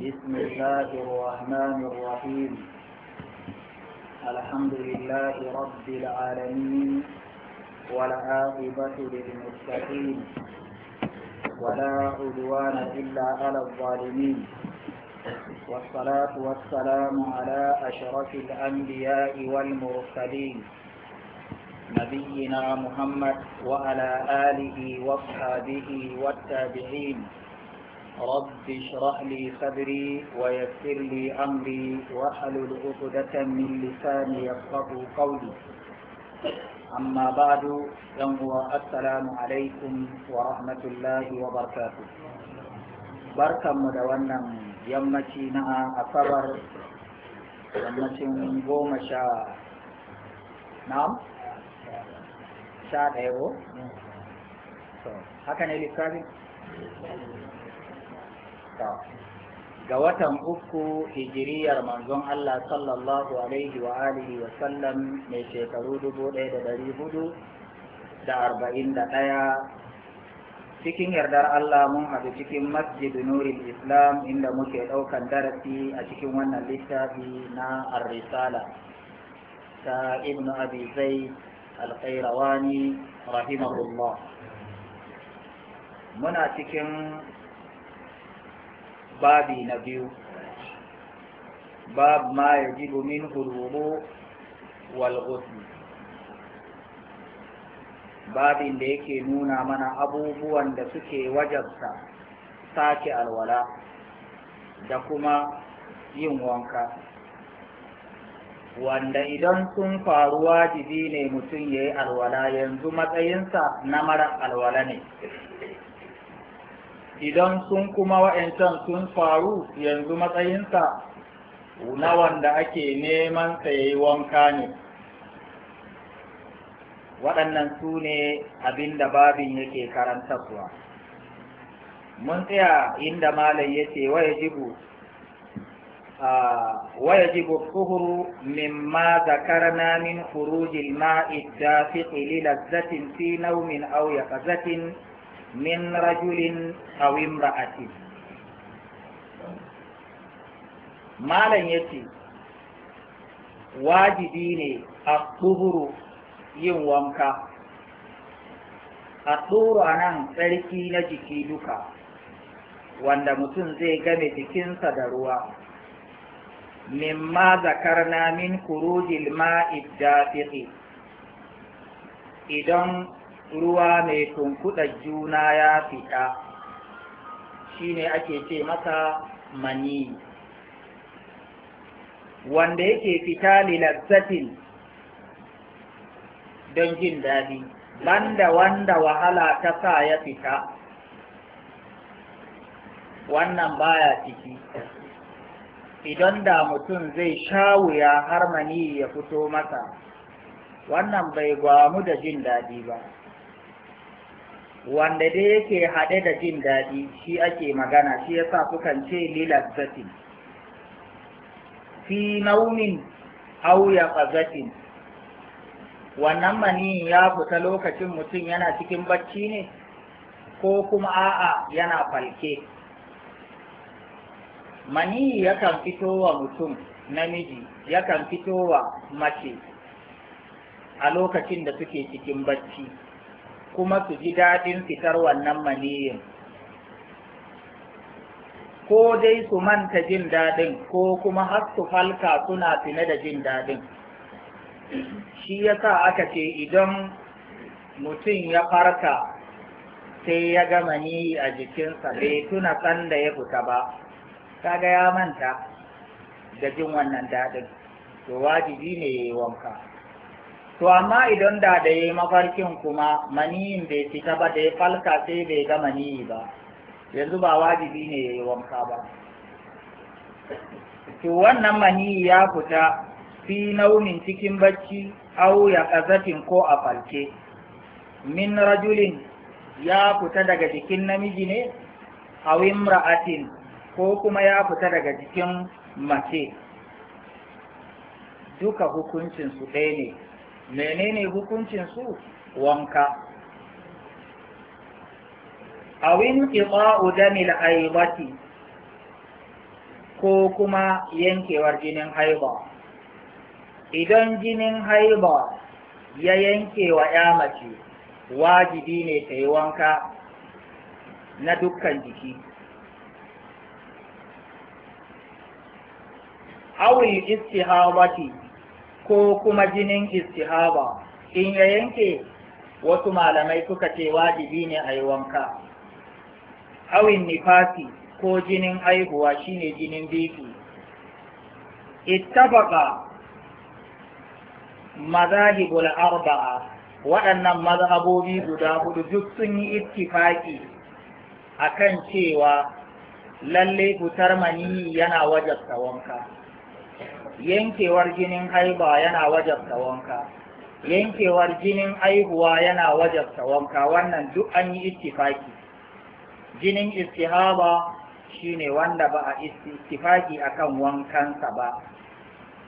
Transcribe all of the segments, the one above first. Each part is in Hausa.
بسم الله الرحمن الرحيم الحمد لله رب العالمين والعاقبة للمتقين ولا عدوان إلا على الظالمين والصلاة والسلام على أشرف الأنبياء والمرسلين نبينا محمد وعلى آله وصحبه والتابعين رب اشرح لي صدري ويسر لي أمري واحلل عقدة من لساني يفقه قولي أما بعد فهو السلام عليكم ورحمة الله وبركاته بركة مدونا يمتينا أصبر يمتين قوم شاء نعم شاء أيوه هكذا للكاتب ga watan uku hijiriyar manzon Allah sallallahu alaihi wa alihi wa sallam mai shekaru dubu ɗaya da dari hudu da arba'in da ɗaya cikin yardar Allah mun haɗu cikin masjid nuril islam inda muke ɗaukan darasi a cikin wannan littafi na ar-risala ta ibn abi zai al rahimahullah muna cikin babi na biyu bab ma ya min domin wal babin da yake nuna mana abubuwan da suke wajabta sake alwala da kuma yin wanka wanda idan sun faru wajibi ne mutum ya yi alwala yanzu matsayinsa na mara alwala ne idan sun kuma wa'ancan sun faru yanzu matsayinsa na wanda ake neman sayayi wanka ne waɗannan su ne abin da babin yake karantarwa mun tsaya inda malam yace ce waya jibu tuhuru mimma zakarna min khurujil ma'i dafiqi li lazzatin fi naumin aw yaqazatin min rajulin aw imra'atin malam yace wajibi ne a yin wanka a tsoro a nan tsarki na jiki duka wanda mutum zai game jikinsa da ruwa zakar na min kurujil ma'i idan ruwa mai tunkuɗa juna ya fita shine ake ce masa mani wanda yake fita lilazzatin don jin daɗi banda wanda wahala ta sa ya fita wannan baya ciki idan da mutum zai sha wuya har mani ya fito masa wannan bai gwamu da jin daɗi ba wanda dai yake haɗe da jin daɗi shi ake magana shi yasa sukan ce lilazzatin fi naumin au yaqazatin wannan mani ya fita lokacin mutum yana cikin bacci ne ko kuma a'a yana falke mani yakan fitowa mutum namiji yakan fitowa mace a lokacin da suke cikin bacci kuma su ji daɗin fitar wannan maniyin ko dai su manta jin daɗin ko kuma har su falka suna fine da jin daɗin shi ya sa aka ce idan mutum ya farka sai ya ga maniyi a jikinsa bai tuna sanda ya fita ba kaga ya manta da jin wannan daɗin to wajibi ne ya yi wanka to amma idan da da ya mafarkin kuma maniyin bai fita ba da ya falka sai bai ga maniyi ba yanzu ba wajibi ne ya yi wanka ba to wannan maniyi ya fita fi naunin cikin bacci au ya kazafin ko a falke min rajulin ya fita daga jikin namiji ne hawin imra'atin ko kuma ya fita daga jikin mace duka hukuncin su ɗaya ne menene hukuncin su wanka awin qita'u damil haibati ko kuma yankewar jinin haiba idan jinin haiba ya yanke wa ya mace wajibi ne ta yi wanka na dukkan jiki awil istihawati ko kuma jinin istihaba in ya yanke wasu malamai suka ce wajibi ne a yi wanka awin nifasi ko jinin aihuwa shine jinin biki ittafaqa mazahibul arba'a waɗannan mazhabobi guda hudu duk sun yi ittifaki akan cewa lalle fitar maniyi yana wajabta wanka yankewar jinin haihuwa yana wajabta wanka yankewar jinin haihuwa yana wajabta wanka wannan duk an yi ittifaki jinin istihaba shine wanda ba a ittifaki akan wankansa ba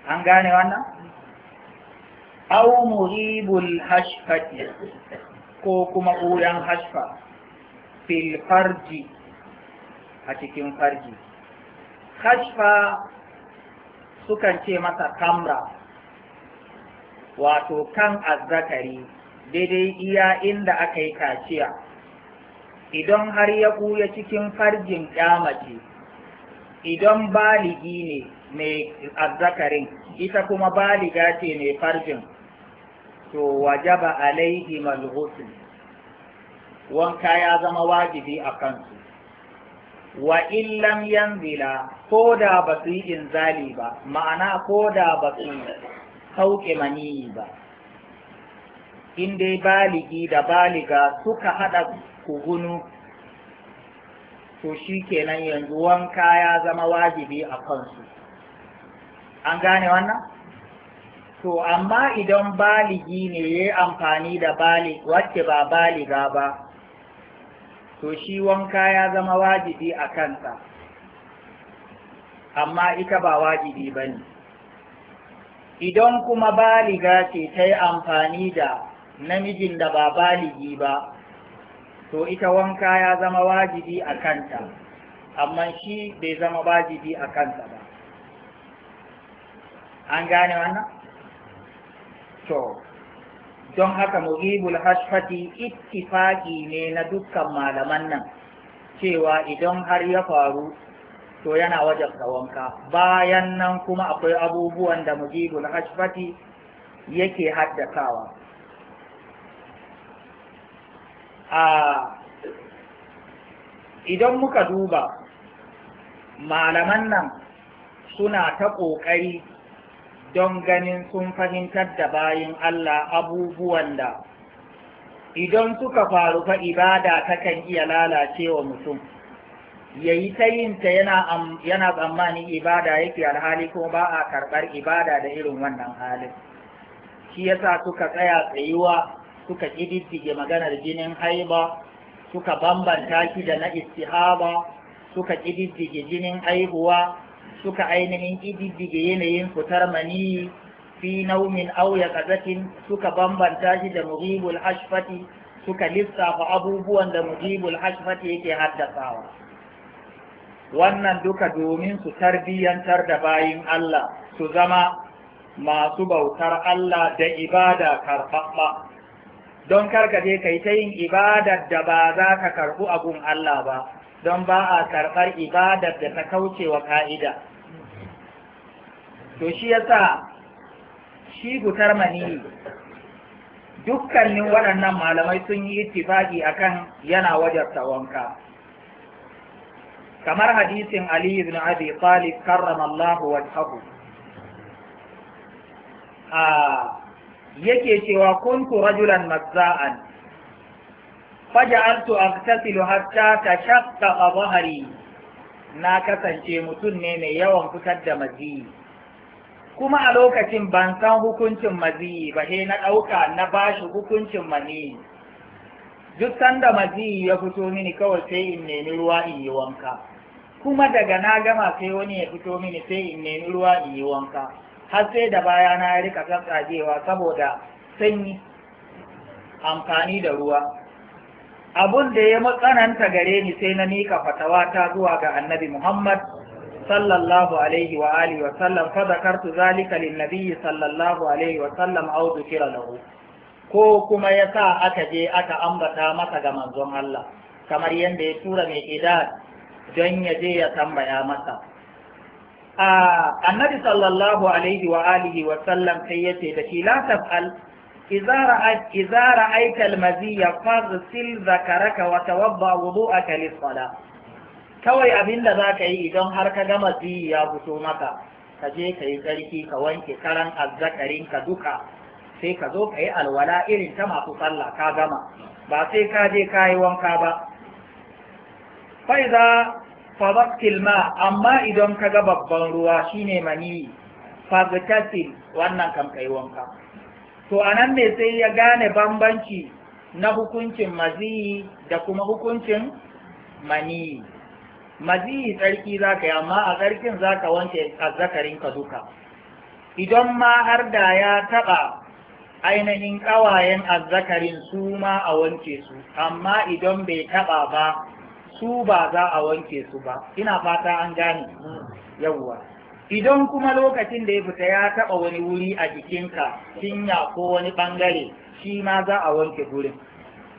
an gane wannan aw muhibul hashfati ko kuma uyan hashfa fil farji a cikin farji hashfa sukan ce masa kamra wato kan azzakari daidai iya inda aka yi kaciya idan har ya ɓuya cikin farjin mace, idan baligi ne mai azzakarin ita kuma baliga ce mai farjin to wajaba alaihi malhusin wanka ya zama wajibi a kansu wa illam yanzila ko da ba su yi inzali ba ma'ana ko da ba su sauke maniyi ba in dai baligi da baliga suka haɗa kugunu to shi kenan yanzu wanka ya zama wajibi a kansu an gane wannan to amma idan baligi ne ya yi amfani da bali wacce ba baliga ba to shi wanka ya zama wajibi a kansa amma ita ba wajibi ba ne idan kuma baliga ce ta yi amfani da namijin da ba baligi ba to ita wanka ya zama wajibi a kanta amma shi bai zama wajibi a kanta ba an gane wannan? to don haka muhibul hashfati ittifaqi ne na dukkan malaman nan cewa idan har ya faru to yana wajen wanka bayan nan kuma akwai abubuwan da muhibul hashfati yake haddasawa a idan muka duba malaman nan suna ta ƙoƙari don ganin sun fahimtar da bayin Allah abubuwan da idan suka faru fa ibada takan iya lalacewa mutum ya yi ta yinta yana tsammanin ibada yake alhali ko ba a karɓar ibada da irin wannan halin shi yasa suka tsaya tsayuwa suka ƙididdige maganar jinin haiba suka bambanta shi da na istihaba suka ƙididdige jinin haihuwa suka ainihin ƙididdige yanayin fitar mani fi naumin auya kazakin suka bambanta shi da mujibul hashfati suka lissafa abubuwan da mujibul hashfati yake haddasawa wannan duka domin su tarbiyyantar da bayin Allah su zama masu bautar Allah da ibada karɓaɓɓa don karkaje kai ta yin ibadar da ba za ka karɓu abun Allah ba don ba a karɓar ibadar da ta kauce wa ka'ida to shi yasa shi gutar maniyi dukkanin waɗannan malamai sun yi a akan yana wajarta wanka kamar hadisin Ali ibn Abi Talib karramallahu wajhahu a yake cewa kuntu rajulan mazza'an faja'altu aghtasilu hatta tashaqqa dhahri na kasance mutum ne mai yawan fitar da mazi kuma a lokacin ban san hukuncin mazi ba he na ɗauka na bashi hukuncin mani duk sanda maziyi ya fito mini kawai sai in nemi ruwa in yi wanka kuma daga na gama sai wani ya fito mini sai in nemi ruwa in yi wanka har sai da baya na rika tsatsajewa saboda sanyi amfani da ruwa abun da ya matsananta gare ni sai na mika fatawa ta zuwa ga annabi Muhammad sallallahu alaihi wa alihi wa sallam fa zakartu zalika lin nabiyyi sallallahu alaihi wa sallam aw dukira lahu ko kuma yasa aka je aka ambata masa ga manzon Allah kamar yadda ya tura mai idad don ya je ya tambaya masa annabi sallallahu alaihi wa alihi wa sallam sai yace da shi la taf'al إذا رأيت المذي فاغسل ذكرك وتوضأ وضوءك للصلاة kawai abin da za ka yi idan har ka gama ziyi ya fito maka ka je ka yi tsarki ka wanke karan azzakarin ka duka sai ka zo ka yi alwala irin ta masu tsalla ka gama ba sai ka je ka yi wanka ba faiza fadaktil ma amma idan ka ga babban ruwa shine mani fagtasil wannan kam ka yi wanka to anan ne sai ya gane bambanci na hukuncin maziyi da kuma hukuncin maniyi maziyi tsarki za ka yi amma a tsarkin za ka wanke azzakarinka duka idan ma har da ya taɓa ainihin ƙawayen azzakarin su ma a wanke su amma idan bai taɓa ba su ba za a wanke su ba ina fata an gane mm. yawwa idan kuma lokacin da ya fita ya taɓa wani wuri a jikinka cinya ko wani bangare shi ma za a wanke gurin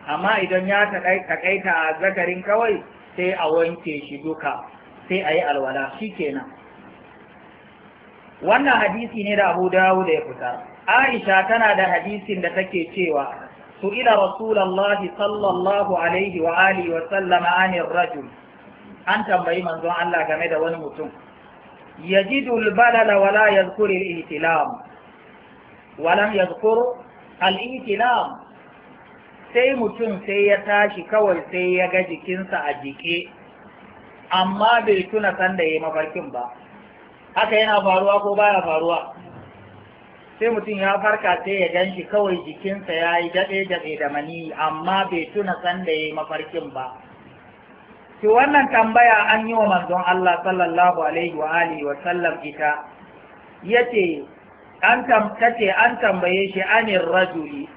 amma idan ya takaita a zakarin kawai sai a wanke shi duka sai a yi alwala shi kenan wannan hadisi ne da abu dawo da ya fita aisha tana da hadisin da take cewa su ila rasulallahi sallallahu alaihi wa alihi wa sallama anir rajul an tambayi manzon Allah game da wani mutum yajidu al-balala wa la yadhkuru al-ihtilam sai mutum sai ya tashi kawai sai ya ga jikinsa a jike amma bai tuna sanda ya yi mafarkin ba haka yana faruwa ko baya faruwa sai mutum ya farka sai ya gan shi kawai jikinsa ya yi daɗe-daɗe da mani amma bai tuna sanda ya yi mafarkin ba to wannan tambaya an yi wa manzon Allah sallallahu alaihi wa alihi wa sallam ita yace an tamtace an tambaye shi anir rajuli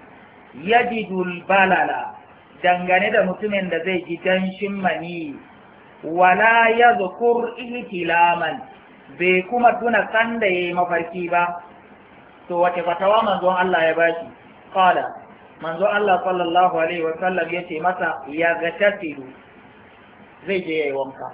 yajidul balala dangane da mutumin da zai ji danshin mani wala yadhkur ihtilaman bai kuma tuna ya yi mafarki ba to wace fatawa manzon Allah ya bashi qala manzon Allah sallallahu alaihi wa sallam yace masa ya gatasilu zai je yayi wanka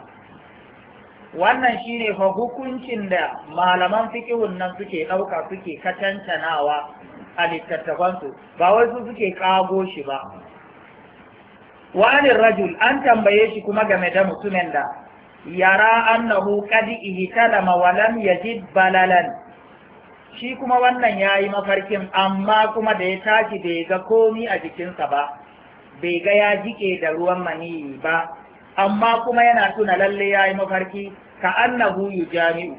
wannan shine fa hukuncin da malaman fikihun nan suke ɗauka suke katantanawa a littattafansu ba wai su suke kago shi ba wani rajul an tambaye shi kuma game da mutumin da yara annahu qad ihtalama wa lam yajid balalan shi kuma wannan yayi mafarkin amma kuma da ya tashi bai ga komi a jikinsa ba bai ga ya jike da ruwan maniyi ba amma kuma yana tuna lalle ya yi mafarki ka annahu jami'u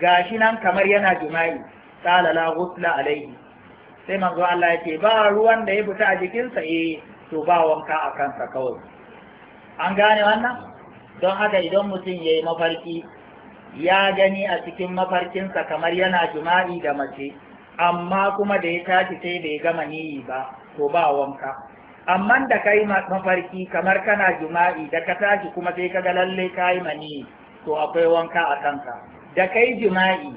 gashi nan kamar yana jima'i qala la ghusla alayhi sai manzo Allah ya ce ba ruwan da ya fita a jikinsa eh to ba wanka a kansa kawai an gane wannan don haka idan mutum ya yi mafarki ya gani a cikin mafarkinsa kamar yana jima'i da mace amma kuma da ya tashi sai bai gama niyi ba to ba wanka amma da kai mafarki kamar kana jima'i da ka tashi kuma sai ka ga lalle kai mani to akwai wanka a kanka da kai jima'i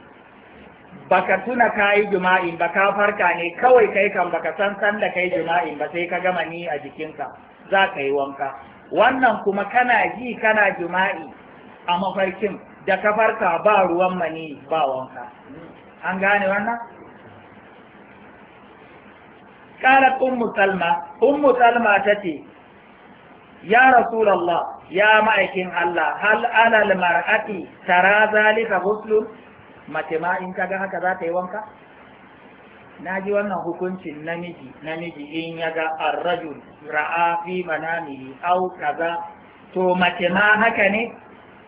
baka tuna kai jima'in ba ka farka ne kawai kai kan baka san san da kai jima'in ba sai ka ga mani a jikinka za ka yi wanka wannan kuma kana ji kana jima'i a mafarkin da ka farka ba ruwan mani ba wanka an gane wannan قالت أم سلمة أم سلمة تتي يا رسول الله يا مأكين الله هل على المرأة ترى ذلك غسل ما تما إن كذا هكذا تيوانك ناجي wannan hukuncin namiji namiji in ya ga arrajul ra'a fi manamihi au kaza to mace ma haka ne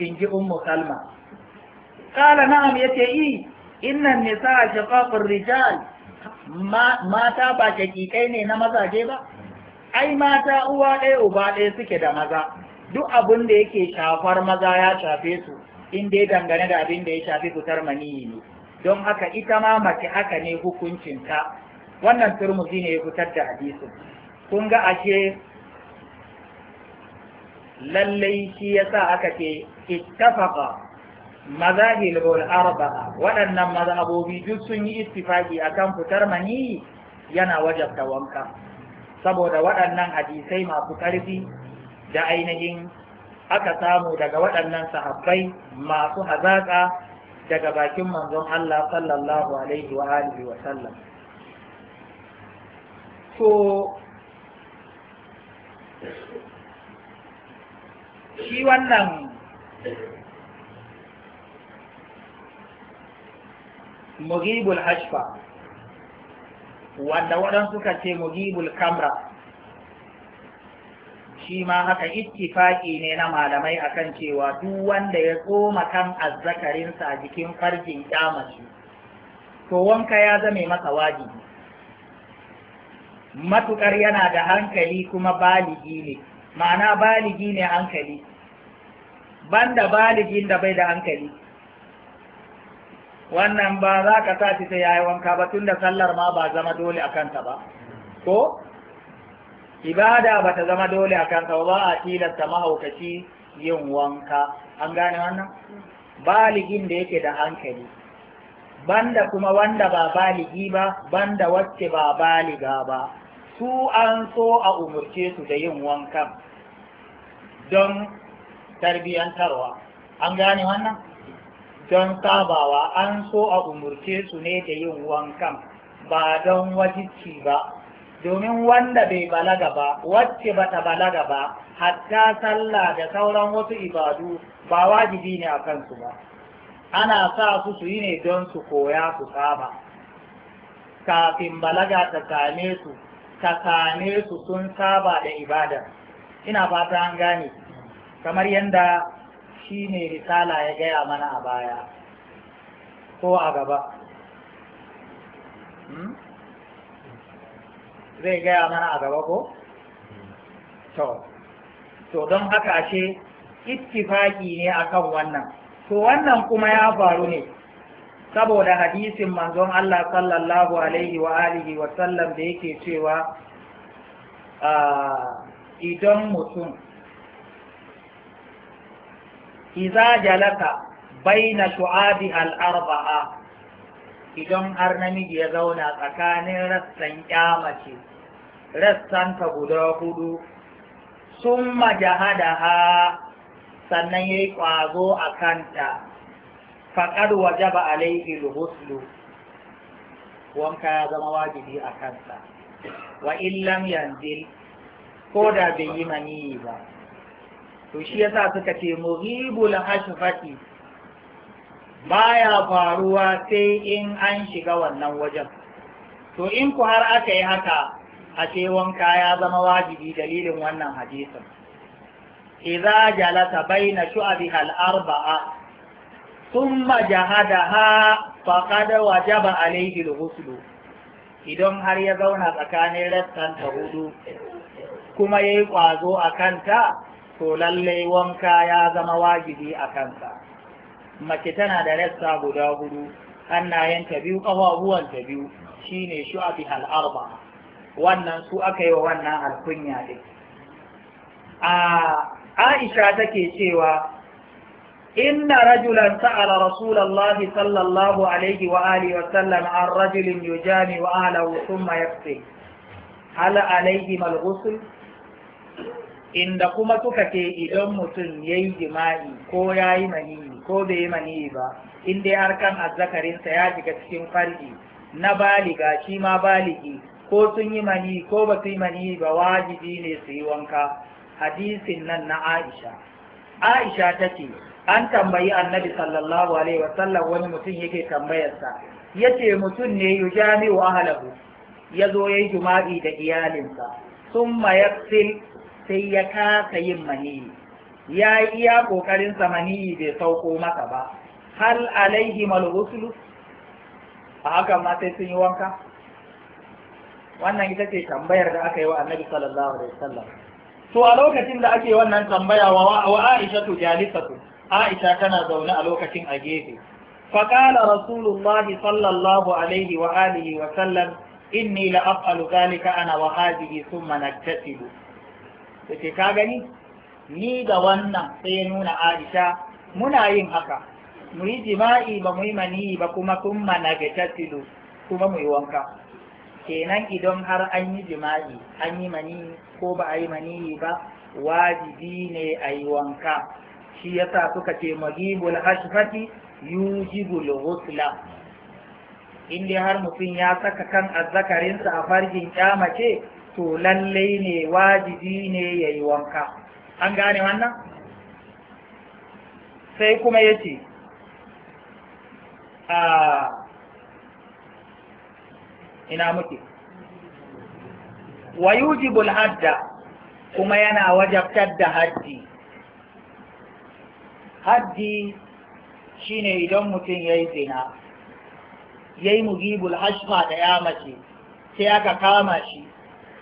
in ji ummu salma qala na'am yace i inna nisa shaqaqur rijal mata ba shakikai ne na mazaje ba ai mata uwa ɗaya uba ɗaya suke da maza duk abin da yake shafar maza ya shafe su in dai dangane da abin da ya shafi fitar maniyi ne don haka ita ma mace haka ne hukuncin hukuncinta wannan turmuzi ne ya fitar da hadisi kun ga ashe lallai shi yasa aka ce ittafaqa mazahil arba waɗannan mazhabobi duk sun yi a kan fitar mani yana wajabta wanka saboda waɗannan hadisai masu ƙarfi da ainihin aka samu daga waɗannan sahabbai masu hazaƙa daga bakin manzon Allah sallallahu alaihi wa alihi wa sallam to shi wannan mugibul ashfa wanda waɗansu suka ce mugibul kamra shi ma haka ittifaki ne na malamai akan cewa duk wanda ya tsoma kan azzakarinsa a jikin farjin kyamashi to wanka ya zame masa wajibi Matuƙar yana da hankali kuma baligi ne ma'ana baligi ne hankali banda baligin da bai da hankali wannan ba za ka sa shi sai yayi wanka ba tunda sallar ma ba zama dole a kanta ba ko ibada ba ta zama dole a kanta ba a tilasta mahaukaci yin wanka an gane wannan baligin da yake da hankali banda kuma wanda ba baligi ba banda wacce ba baliga ba su an so a umurce su da yin wankan don tarbiyantarwa an gane wannan don sabawa an so a umurce su ne da yin wankan ba don wajici ba domin wanda bai balaga ba wacce ba ta balaga ba hatta sallah da sauran wasu ibadu ba wajibi ne a kansu ba ana sa su su yi ne don su koya su saba kafin balaga ta same su ta same su sun saba da ibada ina fata an gane kamar yadda shi ne risala ya gaya mana a baya ko a gaba hmm? zai gaya mana a gaba ko? to to don haka ashe ittifaki ne akan wannan to wannan kuma ya faru ne saboda hadisin manzon Allah sallallahu alaihi wa alihi wa sallam da yake cewa ah, idan mutum iza jalaka baina shu'abi al-arba'a idan har namiji ya zauna tsakanin rassan kyamace rassanta guda hudu sun majahadaha sannan ya yi ƙwazo a kanta faƙar waje ba alaihi huslu wanka ya zama wajibi a kansa wa illam yanzil ko da bai yi maniyi ba to shi yasa suka ce mughibul hashfati baya faruwa sai in an shiga wannan wajen to in ku har aka yi haka a ce wanka ya zama wajibi dalilin wannan hadisin idza jalasa baina shu'abi al-arba'a thumma jahadaha faqad wajaba alayhi al idan har ya zauna tsakanin rassan ta hudu kuma yayi kwazo a kanta to lallai wanka ya zama wajibi a kansa mace tana da rassa guda hudu hannayenta biyu ƙafafuwanta biyu shine shu'abi al'arba wannan su aka yi wa wannan alkunya ne. a aisha take cewa إن رجلا سأل رسول الله صلى الله عليه وآله وسلم عن رجل يجامع أهله ثم يقتل هل عليهما الغسل inda kuma suka ce idan mutum ya yi jima'i ko ya yi maniyi ko bai yi maniyi ba in dai harkan azzakarinsa ya shiga cikin farji na baliga shi ma baligi ko sun yi maniyi ko ba su yi maniyi ba wajibi ne su yi wanka hadisin nan na aisha aisha ta ce an tambayi annabi sallallahu alaihi wasallam wani mutum yake tambayarsa ya ce mutum ne a ahlahu ya zo ya yi jima'i da iyalinsa sun mayaksil sai ya kasa yin maniyi ya yi iya ƙoƙarinsa sa maniyi bai sauko masa ba hal alaihi malghuslu a haka ma sai sun yi wanka wannan ita ce tambayar da aka yi wa annabi sallallahu alaihi wasallam to a lokacin da ake wannan tambaya wa wa Aisha tu jalisatu Aisha tana zaune a lokacin a gefe sallallahu alaihi wa alihi wa sallam inni la إني zalika ana wa hadhihi thumma naktasibu yace ka gani ni da wannan sai ya nuna Aisha muna yin haka mu yi jima'i ba mu yi mani ba kuma kun mana tilo kuma mu yi wanka kenan idan har an yi jima'i an yi mani ko ba a yi mani ba wajibi ne a yi wanka shi yasa suka ce magibul hashfati yujibul ghusla in dai har mutum ya saka kan azzakarinsa a farjin kyamace to lallai ne wajibi ne ya yi wanka an gane wannan sai kuma ya ce a ina muke wa yujibul hadda kuma yana wajabtar da haddi haddi shine idan mutum ya yi zina ya yi mugibul hashfa da ya mace sai aka kama shi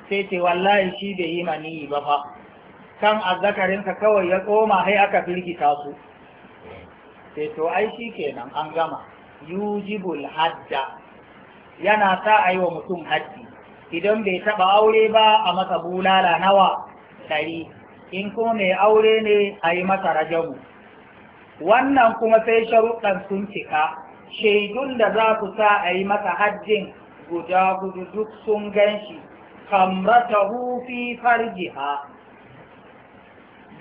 sai ce wallahi shi bai yi maniyi ba fa kan azzakarinsa kawai ya tsoma sai aka firgita su sai to ai shi kenan an gama yujibul hajja yana sa a yi wa mutum haji idan bai taba aure ba a masa bulala nawa ɗari in kuma mai aure ne a yi masa rajamu wannan kuma sai sharuɗan sun cika shaidun da za ku sa a yi masa hajjin guda gudu duk sun gan shi kamratahu fi farjiha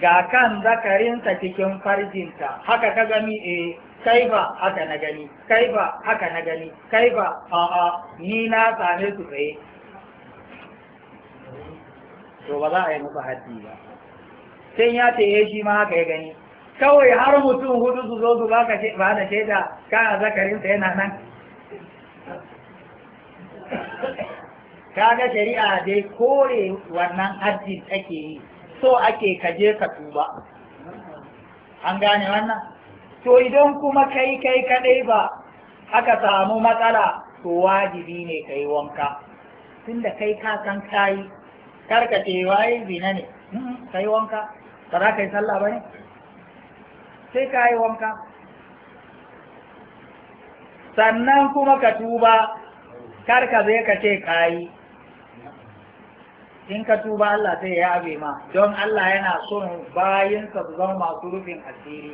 ga kan zakarinsa cikin farjinta haka ka gani e kai ba haka na gani kai ba haka na gani kai ba a'a ni na same su tsaye to ba za a yi musu haddi ba sai ya ce ya eh, shi ma haka ya gani kawai har mutum hudu su zo su baka ba da shaida kana zakarinsa yana nan kaga shari'a dai kore wannan hajji ake yi so ake kaje ka tuba an gane wannan to idan kuma kai kai kadai ba aka samu matsala to wajibi ne kai wanka tunda kai ka san kai karka ce waye zina ne kai wanka ba za ka yi sallah ba ne sai ka yi wanka sannan kuma ka tuba karka zai ka ce kayi. in ka tuba Allah sai ya yabe ma don Allah yana son bayinsa su zama masu rufin asiri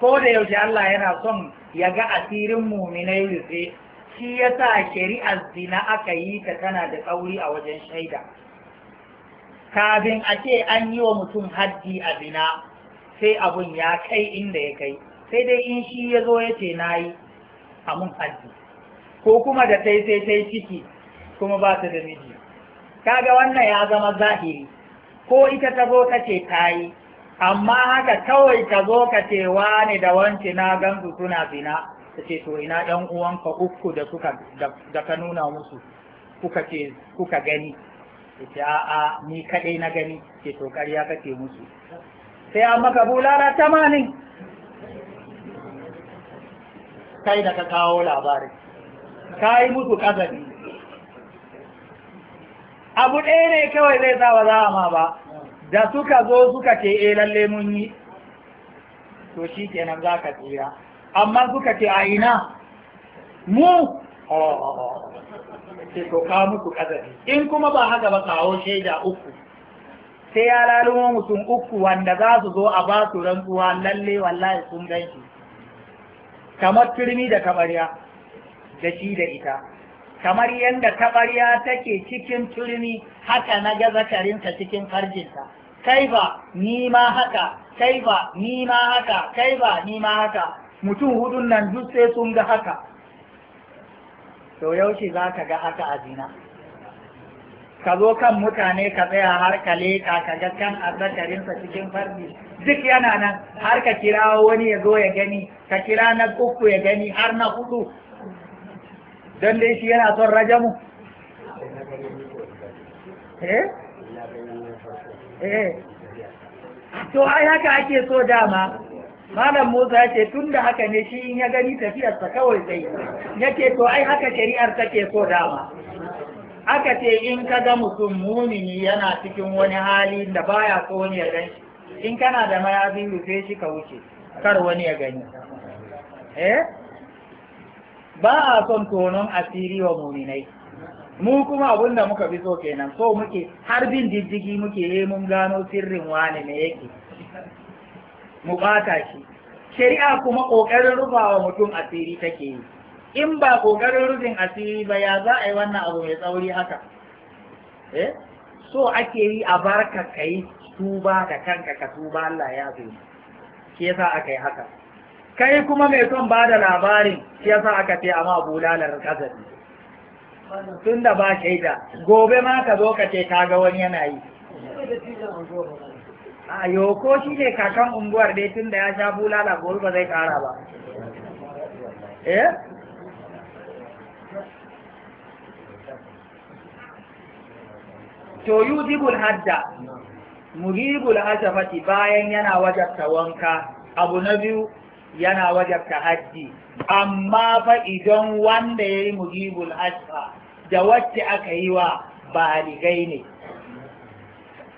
ko da yaushe Allah yana son ya ga asirin muminai rufe shi ya sa shari'ar zina aka yi ta tana da tsauri a wajen shaida kafin a ce an yi wa mutum haddi a zina sai abun ya kai inda ya kai sai dai in shi ya zo ya ce na a mun haddi ko kuma da sai sai sai ciki kuma ba ta da miji kaga wannan ya zama zahiri ko ita ta zo ta ce ta yi amma haka kawai ta zo ka ce ne da wance na gansu suna zina ta ce to ina ɗan uwanka uku da suka da ka nuna musu kuka ce kuka gani ta ce a'a ni kaɗai na gani ce to ƙarya kake musu sai an maka bulala tamanin kai da ka kawo labarin ka yi musu ƙazabi abu ɗaya ne kawai zai sa ba za a ma ba da suka zo suka ce eh lalle mun yi to shi kenan za ka tsira amma suka ce a ina mu ke oh, oh, oh, to ka muku kazafi in kuma ba haka ba kawo shaida uku sai ya lalumo mutum uku wanda za su zo a ba su rantsuwa lalle wallahi sun gan shi kamar turmi da ya da shi da ita kamar yadda taɓarya take cikin turmi haka na ga zakarinsa cikin farjinsa kai ba ni ma haka kai ba ni ma haka kai ba ni ma haka mutum hudun nan duk sai sun ga haka to yaushe za ka ga haka a zina ka zo kan mutane ka tsaya har ka leka ka ga kan azzakarinsa cikin farji duk yana nan har ka kira wani ya zo ya gani ka kira na uku ya gani har na hudu don da shi yana son rajamu eh eh to ai haka ake so dama malam Musa ya ce tun da haka ne shi in ya gani tafiyarsa kawai zai yake to ai haka shari'ar take so dama aka ce in ka ga mutum mumini yana cikin wani hali da baya so wani ya gani in kana da mayafi rufe shi ka wuce kar wani ya gani eh ba a son tonon asiri wa muminai mu kuma abin da muka fi so kenan so muke har bin diddigi muke yi eh, mun gano sirrin wane ne yake mu bata shi shari'a kuma ƙoƙarin rufawa mutum asiri take yi in ba ƙoƙarin rufin asiri ba ya za a yi wannan abu mai tsauri haka eh so ake yi a barka kai tuba da kanka ka tuba Allah ya zo shi yasa aka yi haka kai kuma mai son ba da labarin shi yasa aka ce amma bulalar kasafi tun da ba shaida gobe ma ka zo ka ce ka ga wani yana yi a yoko shi ne kakan unguwar dai tun da ya sha bulala gobe ba zai kara ba eh to yujibul hadda mugibul hajafati bayan yana wajabta wanka abu na biyu yana wajabta hajji amma fa idan wanda ya yi mujibul ashfa da wacce aka yi wa baligai ne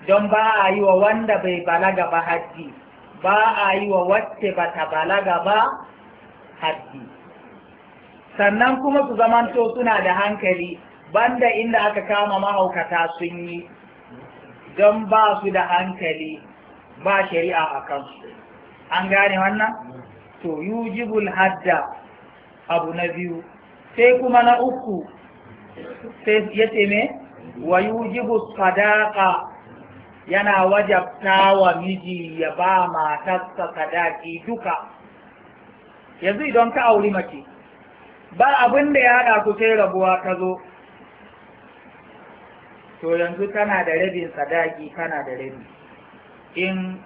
don ba a yi wa wanda bai balaga ba hajji ba a yi wa wacce ba ta balaga ba hajji sannan kuma su zamanto suna da hankali banda inda aka kama mahaukata sun yi don ba su da hankali ba shari'a a kansu an gane wannan to yujibul hadda abu na biyu sai kuma na uku sai ya ce me wa yujibu sadaqa yana wajabta wa miji ya ba matarsa sadaki duka yanzu idan ka auri mace ba abin da ya haɗa ku sai rabuwa ta zo to yanzu tana da rabin sadaki kana da rabi in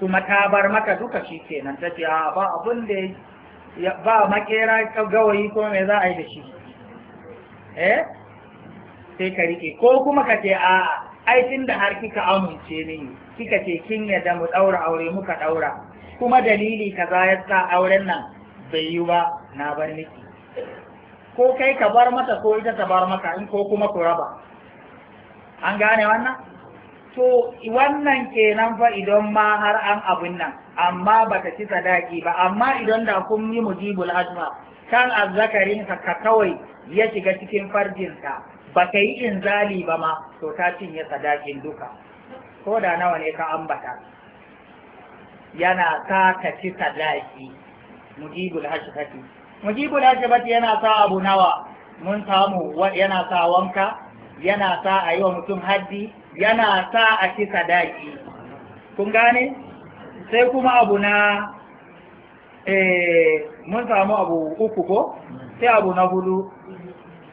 kuma ta bar maka duka shi kenan ta ce a ba abin da ba makera gawayi ko me za a yi da shi eh sai ka rike ko kuma ka ce a aikin da har kika amince ni kika ce kin yadda mu daura aure muka daura kuma dalili ka ya sa auren nan bai yi ba na bar niki ko kai ka bar mata ko ita ta bar maka in ko kuma ku raba an gane wannan to wannan kenan fa idan ma har an abin nan amma ba ta ci sadaki ba amma idan da kun yi mujibul azma kan azzakarin ka kawai ya shiga cikin farjinta ba ka yi inzali ba ma to ta cinye sadakin duka ko da nawa ne ka ambata yana sa ka ci sadaki mujibul hashifati mujibul hashifati yana sa abu nawa mun samu yana sa wanka yana sa a yi wa mutum haddi yana sa a ci sadaki kun gane sai kuma abu na eh, mun samu abu uku ko sai abu na hudu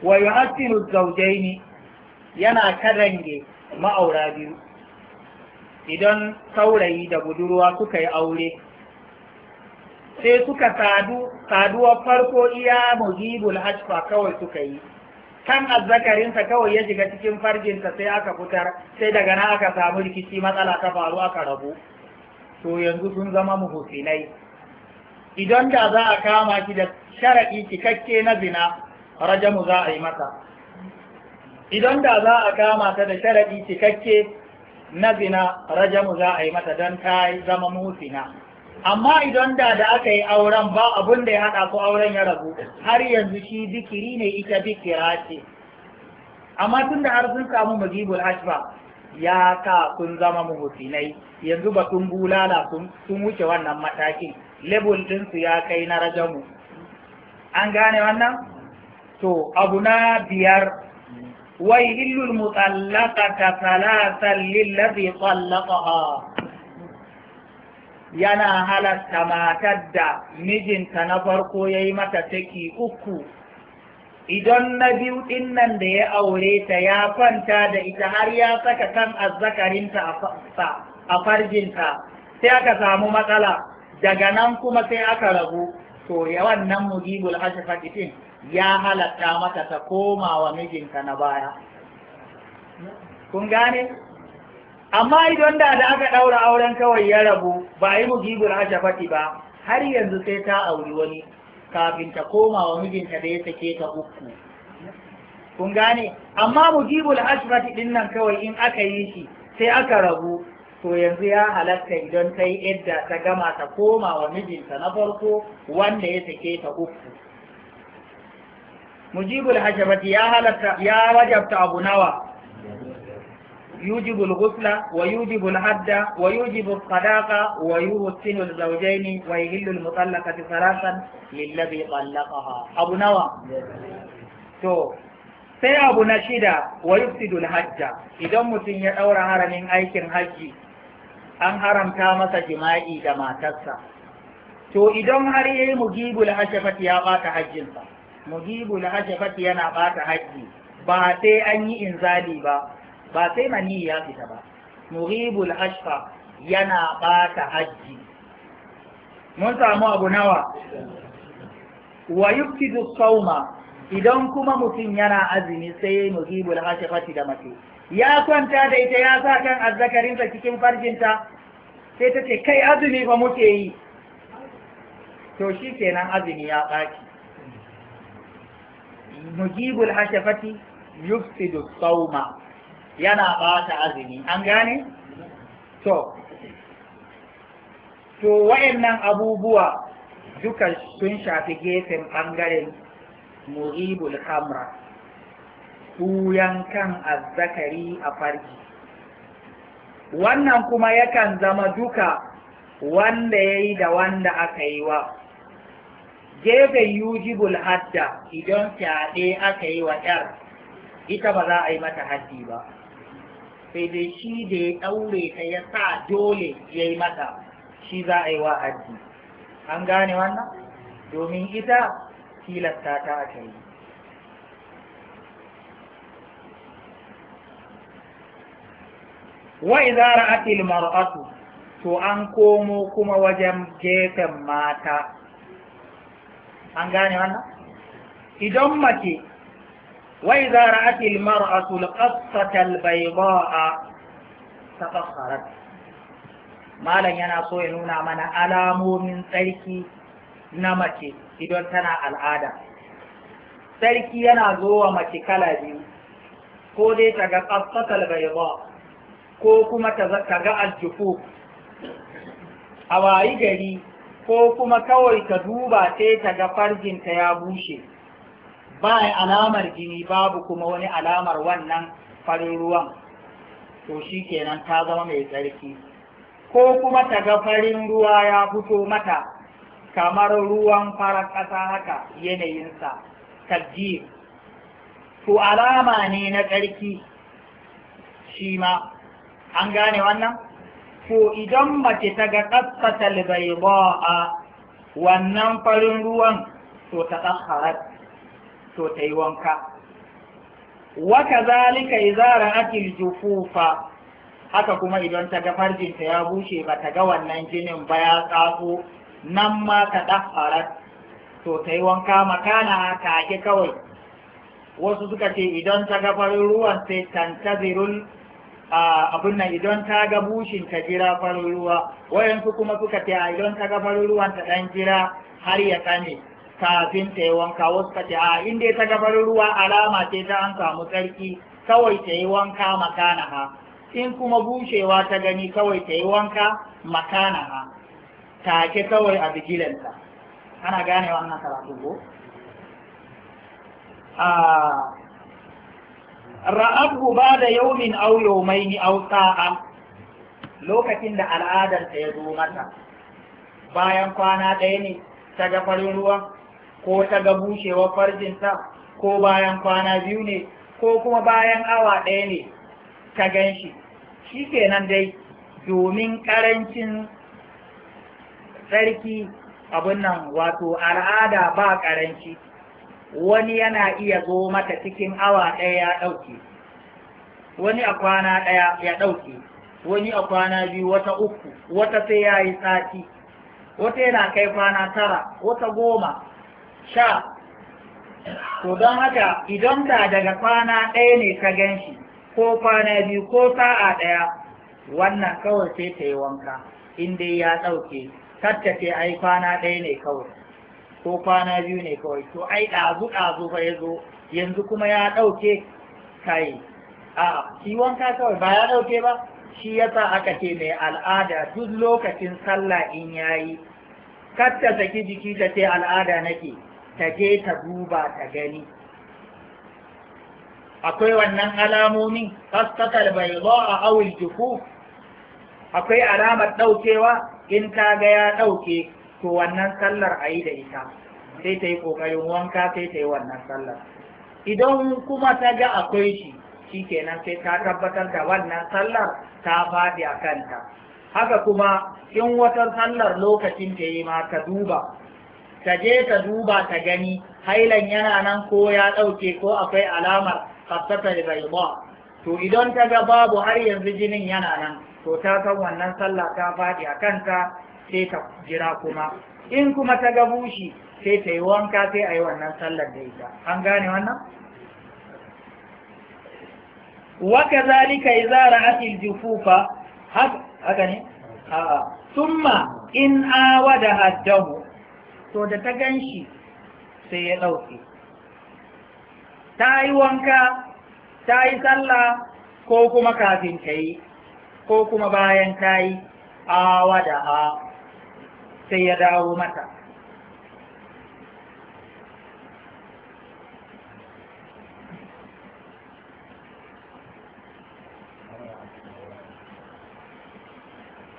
wa yuhassinu zawjaini yana karange ma'aura biyu idan saurayi da budurwa suka yi aure sai suka sadu saduwar farko iya mujibul hajfa kawai suka yi kan azzakarinsa kawai ya shiga cikin farjinsa sai aka fitar sai daga nan aka samu rikici matsala ta faru aka rabu to yanzu sun zama muhusinai idan da za a kama shi da shara'i cikakke na zina rajamu za a yi masa idan da za a kama ta da cikakke na zina rajamu za a yi mata don ta zama muhusina amma idan da da aka yi auren ba abun da ya haɗa ko auren ya rabu har yanzu shi zikiri ne ita bikira ce amma tun da har sun samu mujibul ashba ya ka kun zama muhusinai yanzu ba sun bulala sun wuce wannan matakin lebul su ya kai na rajamu an gane wannan to abu na biyar wai illul mutallaqata salasan lillazi tallaqaha yana halatta matar da mijinta na farko ya yi mata saki uku idan na biyu ɗin nan da ya aure ta ya kwanta da ita har ya saka kan azzakarinta a farjinta sai aka samu matsala daga nan kuma sai aka rabu to wannan mujibul ashfaq ya halatta mata ta koma wa mijinta na baya kun gane amma idan da da aka ɗaura auren kawai ya rabu ba yi mu gibir hasha faɗi ba har yanzu sai ta auri wani kafin ta koma wa mijinta da ya sake ta uku kun gane amma mujibul ashfati din nan kawai in aka yi shi sai aka rabu to yanzu ya halatta idan ta yi yadda ta gama ta koma wa mijinta na farko wanda ya sake ta uku mujibul hashafati ya halatta ya wajabta abu nawa يوجب الغسل ويوجب الحد ويوجب الصداقة ويوسن الزوجين ويهل المطلقة ثلاثا للذي طلقها أبو نوى تو سي أبو نشيدة ويفسد الحج إذا مسين يتورى هرمين أيكين حج أن هرم كامس جمائي دما تسا تو إذا مهريه مجيب الحج فتي أغاك حج مجيب الحج فتي أنا أغاك حج ba sai an yi inzali ba ba sai mani ya fita ba muribul yana bata hajji mun samu abu nawa wa yuftidu sawma idan kuma mutum yana azumi sai muribul ashfati da mace ya kwanta da ita ya sa kan azzakarinsa cikin farjinta sai ta ce kai azumi ba muke yi to shi kenan azumi ya ɓaci mujibul hashafati yufsidu sawma yana ɓata azumi an gane to to wayannan abubuwa duka sun shafi gefen ɓangaren mu'ibul hamra ɓuyan kan azzakari a farki. wannan kuma yakan zama duka wanda ya yi da wanda aka yi wa gefen yujibul hadda idan fyaɗe aka yi wa 'yar ita ba za a yi mata haddi ba sai dai shi da ya ɗaure ta ya sa dole ya yi mata shi za a yi wa haddi an gane wannan domin ita tilasta ta aka yi wa idza ra'atil mar'atu to an komo kuma wajen gefen mata an gane wannan idan mace وإذا رأت المرأة القصة a تطهرت malam yana so ya nuna mana alamomin tsarki na mace idan tana al'ada tsarki yana zo wa mace kala biyu ko dai ta ga bai ba, ko kuma ta ga aljufu a wayi gari ko kuma kawai ta duba sai ta ga farjinta ya bushe ba alamar jini babu kuma wani alamar wannan farin ruwan to shi kenan ta zama mai tsarki ko kuma ta ga farin ruwa ya fito mata kamar ruwan farar ƙasa haka yanayinsa tajjir to alama ne na tsarki shi ma an gane wannan to idan mace ta ga ba a wannan farin ruwan to ta tsaharar to ta yi wanka wa kazalika idza ra'atil jufufa haka kuma idan ta ga farjinta ya bushe ba ta ga wannan jinin ba ya tsafo nan ma ta dafarat to ta yi wanka makana take kawai wasu suka ce idan ta ga farin ruwan sai tantazirun abin nan idan ta ga bushin ta jira farin ruwa wayansu kuma suka ce a idan ta ga farin ruwan ta dan jira har ya tsane kafin ta yi wanka wasu ka a in dai ta gabar ruwa alama ce ta an samu tsarki kawai ta yi wanka makanaha in kuma bushewa ta gani kawai ta yi wanka makanaha take kawai a bigilanta ana gane wannan karatu ko a ra'abhu ba da yaumin au yaumaini au sa'a lokacin da al'adarta ya zo mata bayan kwana ɗaya ne ta ga farin ruwan ko ta ga bushewar farjinta ko bayan kwana biyu ne ko kuma bayan awa ɗaya ne ta gan shi shi kenan dai domin ƙarancin tsarki abin nan wato al'ada ba ƙaranci wani yana iya zo mata cikin awa ɗaya ya ɗauke wani a kwana ɗaya ya ɗauke wani a kwana biyu wata uku wata sai ya yi sati wata yana kai kwana tara wata goma sha to don haka idan ka daga kwana ɗaya ne ka gan shi ko kwana biyu ko sa'a ɗaya wannan kawai sai ta yi wanka in dai ya ɗauke tattace ai kwana ɗaya ne kawai ko kwana biyu ne kawai to ai ɗazu ɗazu fa ya zo yanzu kuma ya ɗauke kai a shi wanka kawai ba ya ɗauke ba shi yasa aka ce mai al'ada duk lokacin sallah in yayi kar ta saki jiki ta ce al'ada nake ta je ta duba ta gani akwai wannan alamomi fastakal bai zo a awul jufu akwai alamar ɗaukewa in ta ga ya ɗauke to wannan sallar a yi da ita sai ta yi ƙoƙarin wanka sai ta yi wannan sallar idan kuma ta ga akwai shi shi kenan sai ta tabbatar da wannan sallar ta faɗi a kanta haka kuma in wata sallar lokacin ta yi ma ta duba ka je ka duba ka gani hailan yana nan ko ya ɗauke ko akwai alamar hasata da to idan ta ga babu har yanzu jinin yana nan to ta san wannan sallah ta faɗi a kanta sai ta jira kuma in kuma ta ga bushi sai ta yi wanka sai a yi wannan sallar da ita an gane wannan waka zalika zara ra'atil jufufa haka ne a'a thumma in awada haddahu to da ta gan shi sai ya ɗauke ta yi wanka ta yi sallah ko kuma kafin ta yi ko kuma bayan ta yi awa da a sai ya dawo mata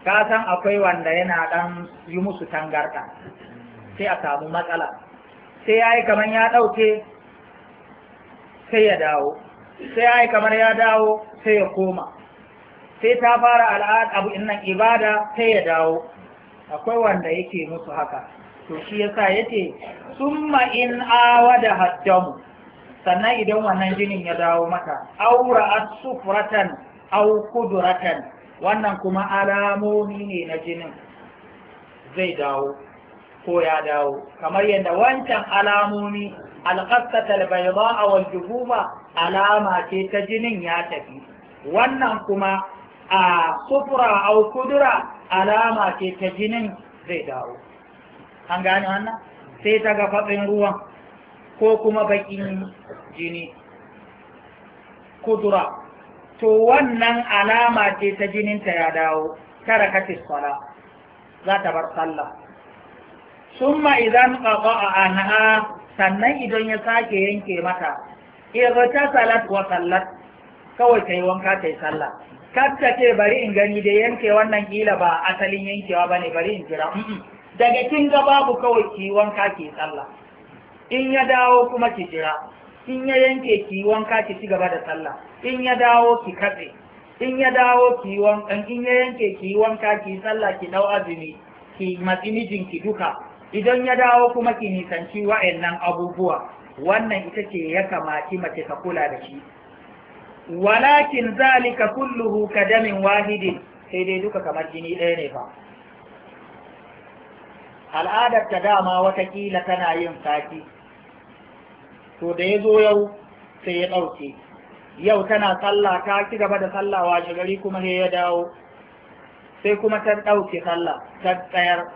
ka san akwai wanda yana ɗan yi musu tangarɗa sai a samu matsala sai ya yi kamar ya ɗauke sai ya dawo sai ya yi kamar ya dawo sai ya koma sai ta fara al'ad abu nan ibada sai ya dawo akwai wanda yake musu haka to shi yasa yace summa Awa da haddamu sannan idan wannan jinin ya dawo mata aura asufratan au kudratan wannan kuma alamomi ne na jinin zai dawo ko ya dawo kamar yadda wancan alamomi alƙasatar bai ba a waljubuma alama ce ta jinin ya tafi wannan kuma a sufura au kudura alama ce ta jinin zai dawo an gane wannan sai ta ga faɗin ruwan ko kuma baƙin jini kudura to wannan alama ce ta jinin ta ya dawo tara katis sala za ta bar sallah summa idan a anha sannan idan ya sake yanke mata salat wa sallat kawai kai wanka kai sallah katta ce bari in gani da yanke wannan kila ba asalin yankewa ba ne bari in jira daga kin ga babu kawai ki wanka ki sallah in ya dawo kuma ki jira in ya yanke ki wanka ki ci gaba da sallah in ya dawo ki katse in ya dawo ki wanka in ya yanke ki wanka ki sallah ki dau azumi ki matsi mijinki duka idan ya dawo kuma ki nisanci wa'annan abubuwa wannan ita ce ya kamaci mace ta kula da shi walakin zalika kulluhu kadamin wahidin sai dai duka kamar jini ɗaya ne fa al'adar ta dama watakila tana yin sati to da ya zo yau sai ya ɗauke yau tana sallah ta ci gaba da sallah washe gari kuma sai ya dawo sai kuma ta ɗauke sallah ta tsayar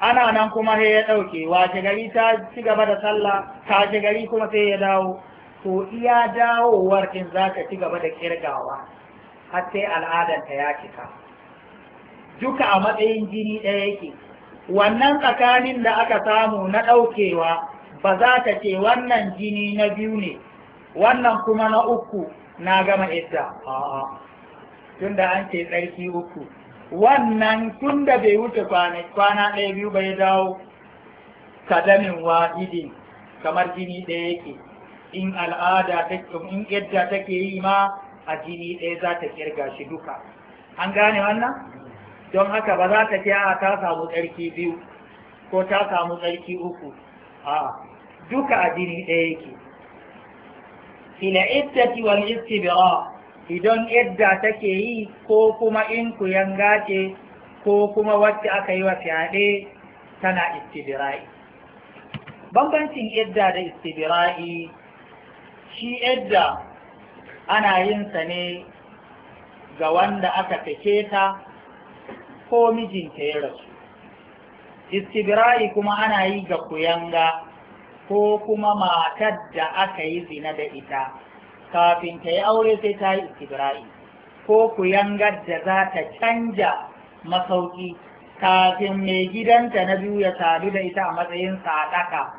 ana nan kuma sai ya ɗauke wace gari ta ci gaba da sallah ta ce gari kuma sai ya dawo to iya dawowar in za ka ci gaba da kirgawa har sai ta ya cika duka a matsayin jini ɗaya yake wannan tsakanin da aka samu na ɗaukewa ba za ta ce wannan jini na biyu ne wannan kuma na uku na gama idda a'a tunda an ce tsarki uku wannan tun da bai wuce kwana ɗaya biyu bai dawo kadamin waidi kamar jini ɗaya yake in al'ada in yadda take yi ma a jini ɗaya za ta kirga shi duka an gane wannan don haka ba za ta kiyaye ta samu tsarki biyu ko ta samu tsarki uku a duka a jini ɗaya yake ila ittati wal istibra idan idda take yi ko kuma in ku yanga ce ko kuma wacce aka yi wa fyaɗe tana istibira'i bambancin idda da istibira'i shi idda ana yin sa ne ga wanda aka fice ta ko mijinta ya rasu istibira'i kuma ana yi ga kuyanga ko kuma matar da aka yi zina da ita kafin ta yi aure sai ta yi istibra'i ko ku yangar da za ta canja masauki kafin mai gidanta na biyu ya sadu da ita a matsayin sadaka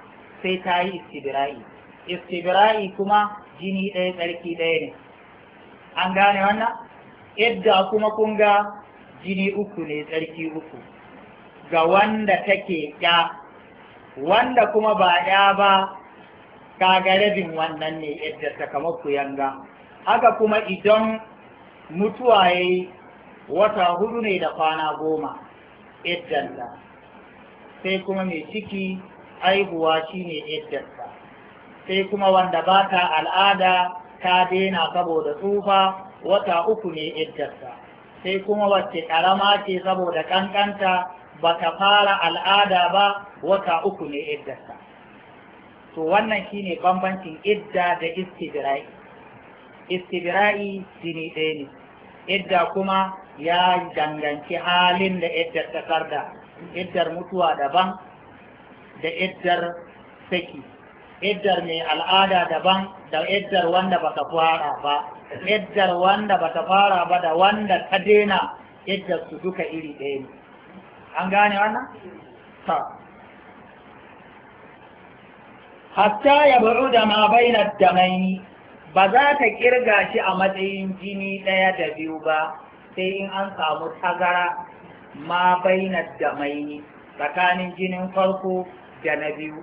sai ta yi istibra'i istibra'i kuma jini ɗaya tsarki ɗaya ne an gane wannan yadda kuma kun ga jini uku ne tsarki uku ga wanda take ya wanda kuma ba ya ba kaga rabin wannan ne yadda sakamako yanga haka kuma idan mutuwa ya yi wata hudu ne da kwana goma yadda sai kuma mai ciki aihuwa shine yadda sai kuma wanda ba ta al'ada ta daina saboda tsufa wata uku ne yadda sai kuma wacce ƙarama ce saboda ƙanƙanta ba ta fara al'ada ba wata uku ne yadda to wannan shine bambancin idda da istibra'i istibra'i jini ɗaya ne idda kuma ya danganci halin da iddar takar da iddar mutuwa daban da iddar saki iddar mai al'ada daban da iddar wanda baka fara ba iddar wanda baka fara ba da wanda ka dena, iddar su duka iri ɗaya ne an gane wannan? hatta ya ba'u da ma baina damaini ba za ta kirga shi a matsayin jini ɗaya da biyu ba sai in an samu tagara ma baina damaini tsakanin jinin farko da na biyu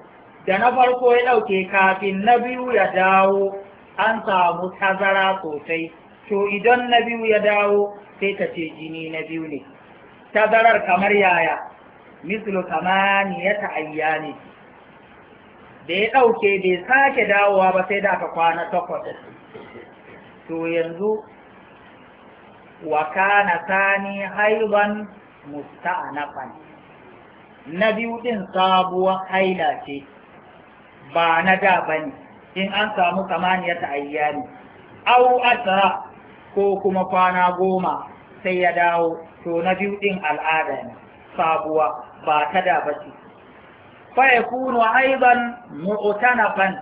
da na farko ya ɗauke kafin na biyu ya dawo an samu tazara sosai to idan na biyu ya dawo sai ta ce jini na biyu ne tazarar kamar yaya mislu kamani ya ta'ayya ne da ya ɗauke bai sake dawowa ba sai da aka kwana takwas to yanzu wa kana sani haiban musta'anafan na biyu din sabuwar haila ce ba na da bane in an samu ta ayyami au asra ko kuma kwana goma sai ya dawo to na biyu din al'ada ne sabuwa ba ta da bace fayakunu aiban mu'tanafan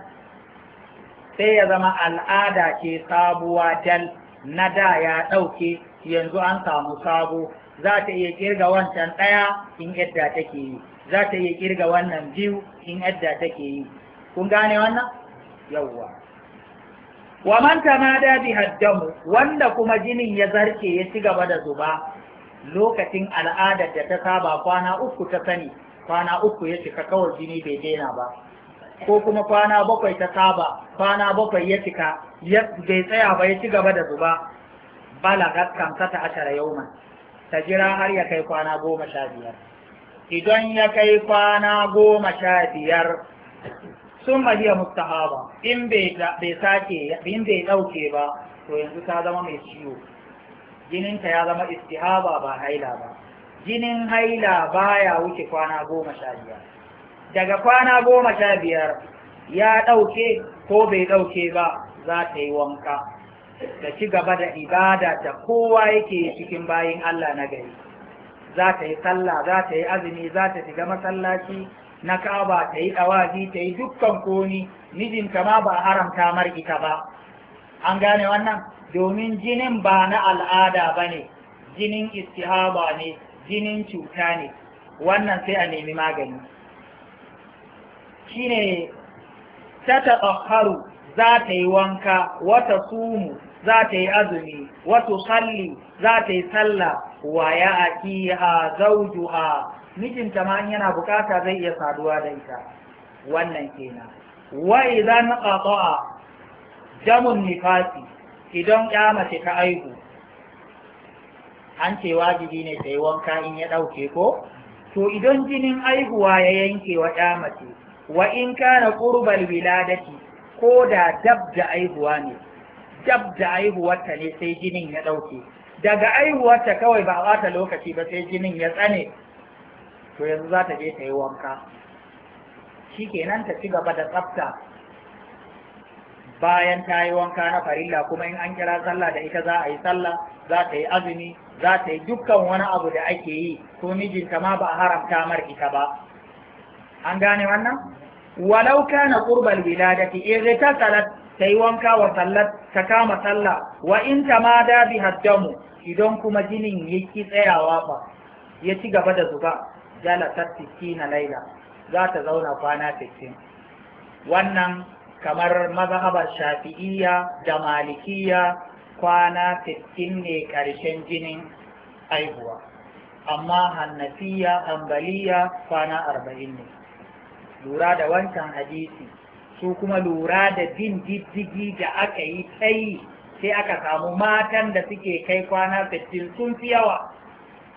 sai ya zama al'ada ce sabuwa dal na da ya ɗauke yanzu an samu sabo za ta iya kirga wancan ɗaya in yadda take yi za ta iya kirga wannan biyu in yadda take yi kun gane wannan yawwa wa man tamada bi haddamu wanda kuma jinin ya zarke ya ci gaba da zuba lokacin al'adar da ta saba kwana uku ta sani kwana uku ya cika kawai jini bai daina ba ko kuma kwana bakwai ta saba kwana bakwai ya cika bai tsaya ba ya ci gaba da zuba Bala kamsa ta ashara yauman ta jira har ya kai kwana goma sha biyar idan ya kai kwana goma sha biyar sun mahiya mustahaba in bai sake in bai dauke ba to yanzu ta zama mai ciwo jininta ya zama istihaba ba haila ba jinin haila baya wuce kwana goma sha biyar daga kwana goma sha biyar ya ɗauke ko bai ɗauke ba za ta yi wanka da ci gaba da ibada da kowa yake cikin bayin Allah na gari za ta yi sallah za ta yi azumi za ta shiga masallaci na kaba ta yi ɗawazi ta yi dukkan koni mijinta ma ba haramta mar ita ba an gane wannan domin jinin ba na al'ada ba ne jinin istihaba ne jinin cuta ne wannan sai a nemi magani shine ta taɓaharu za ta yi wanka wata sumu za ta yi azumi wata salli za ta yi sallah wa ya akiha zaujuha mijinta ma yana bukata zai iya saduwa da ita wannan kenan wa idan qata'a jamun nifasi idan ya mace ka aihu an ce wajibi ne ta wanka in ya ɗauke ko to idan jinin aihuwa ya yanke wa ya mace wa in kana qurbal wiladati ko da dab da aihuwa ne dab da aihuwarta ne sai jinin ya ɗauke daga aihuwarta kawai ba a ta lokaci ba sai jinin ya tsane to yanzu za ta je ta yi wanka shikenan ta ci gaba da tsafta bayan ta yi wanka na farilla kuma in an kira sallah da ita za a yi sallah za ta yi azumi za ta yi dukkan wani abu da ake yi ko mijinta ma ba a haramta mar ita ba an gane wannan walau kana qurbal wiladati in salat ta yi wanka wa sallat ta kama sallah wa in da bi haddamu idan kuma jinin yaki tsayawa ba ya ci gaba da zuba jalasat 60 laila za ta zauna kwana 60 wannan kamar mazhabar shafi'iyya da malikiyya kwana 60 ne ƙarshen jinin aihuwa, amma hannafiya ambaliya, kwana 40 ne lura da wancan hadisi su kuma lura da bin diddigi da aka yi tsayi sai aka samu matan da suke kai kwana 60 sun fi yawa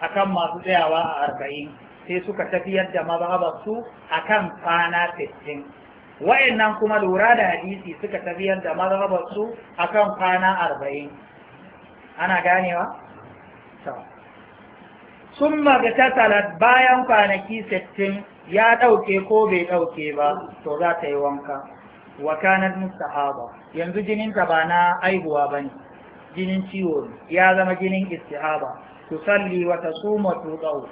akan masu tsayawa a 40 sai suka tafiyar da mazhabar su akan kwana 60 wayannan kuma lura da hadisi suka tafiyar da mazhabar su akan kwana arba'in ana ganewa ta magatasalat bayan kwanaki sittin ya ɗauke ko bai ɗauke ba to za ta yi wanka wa kanat mustahaba yanzu jininta ba na aihuwa ba ne jinin ciwo ya zama jinin istihaba salli wa tasuma tuqaw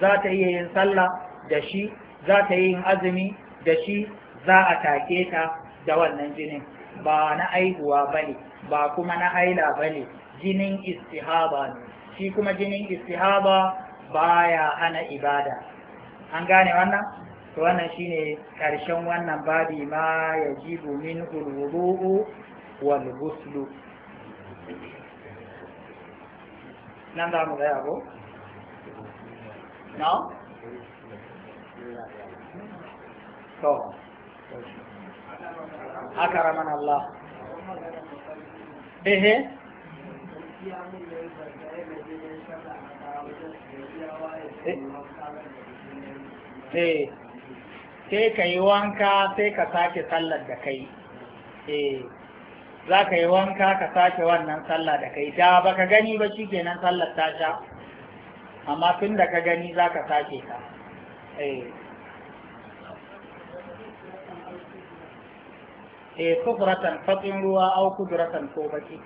za ta iya yin sallah da shi za ta yi azumi da shi za a take ta da wannan jinin ba na aihuwa ba ne ba kuma na haila ba ne jinin istihaba ne shi kuma jinin istihaba baya hana ibada an gane wannan to wannan shine karshen wannan babi ma yajibu min ulwudu wal ghuslu nan za mu ga ko no to haka raman Allah ehe eh. eh sai ka yi wanka sai ka sake sallar da kai eh za ka yi wanka ka sake wannan sallah da kai da ba ka gani ba shi kenan sallar ta sha amma tun da ka gani za ka sake ka eh إيه، كفرة فطن أو كدرة فوبكي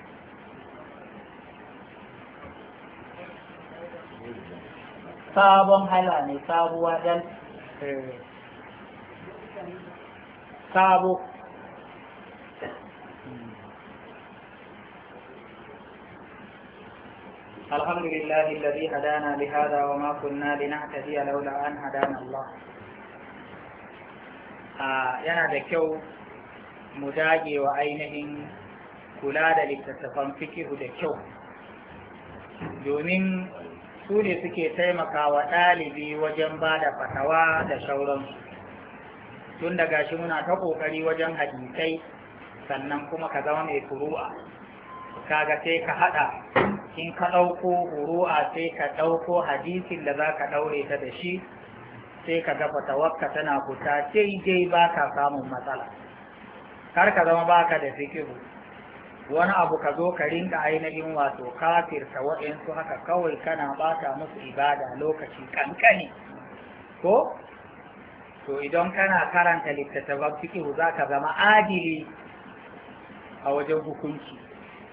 صابون هلاني صابو وجل صابو الحمد لله الذي هدانا لهذا وما كنا لنهتدي لولا أن هدانا الله آه يا يعني mu dage wa ainihin kula da littattafan fikihu da kyau domin su ne suke taimakawa ɗalibi wajen ba da fatawa da shauransu tun daga shi muna ta ƙoƙari wajen hadisai sannan kuma ka zama mai furu'a kaga sai ka haɗa in ka ɗauko furu'a sai ka ɗauko hadisin da za ka ɗaure ta da shi sai ka ga ka tana fita daidai ba ka samun matsala kar ka zama baka da fikihu wani abu ka zo ka rinka ainihin wato kafir kafirta waɗansu haka kawai kana bata musu ibada lokaci kankani ko to idan kana karanta littattafan fikihu za ka zama adili a wajen hukunci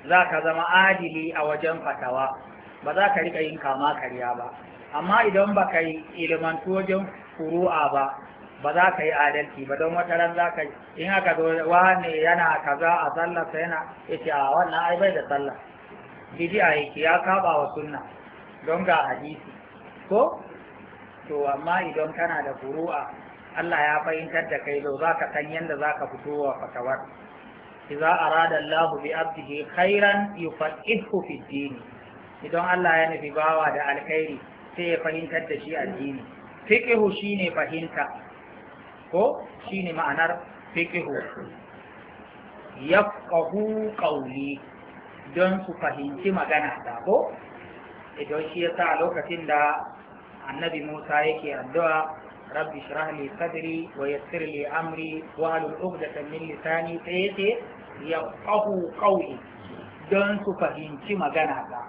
za ka zama adili a wajen fatawa ba za ka rika yin kama karya ba amma idan ba ka yi ilimantojin furu'a ba ba za ka yi adalci ba don wata ran za ka in aka zo wane yana kaza a sallarsa yana yace a wannan ai bai da sallah bid'a yake ya kaba wa sunna don ga hadisi ko to amma idan kana da furu'a Allah ya fahimtar da kai zo za ka san yadda za ka fito wa fatawar idza arada Allah bi abdihi khairan yufaqihu fi din idan Allah ya nufi bawa da alkhairi sai ya fahimtar da shi addini fiqhu shine fahimta ko shine ma'anar fiqhu yafqahu qawli don su fahimci magana ta ko idan shi yasa a lokacin da annabi Musa yake addu'a rabbi shrah li sadri wa yassir li amri wa hal 'uqdatan min lisani sai yace yafqahu qawli don su fahimci magana ta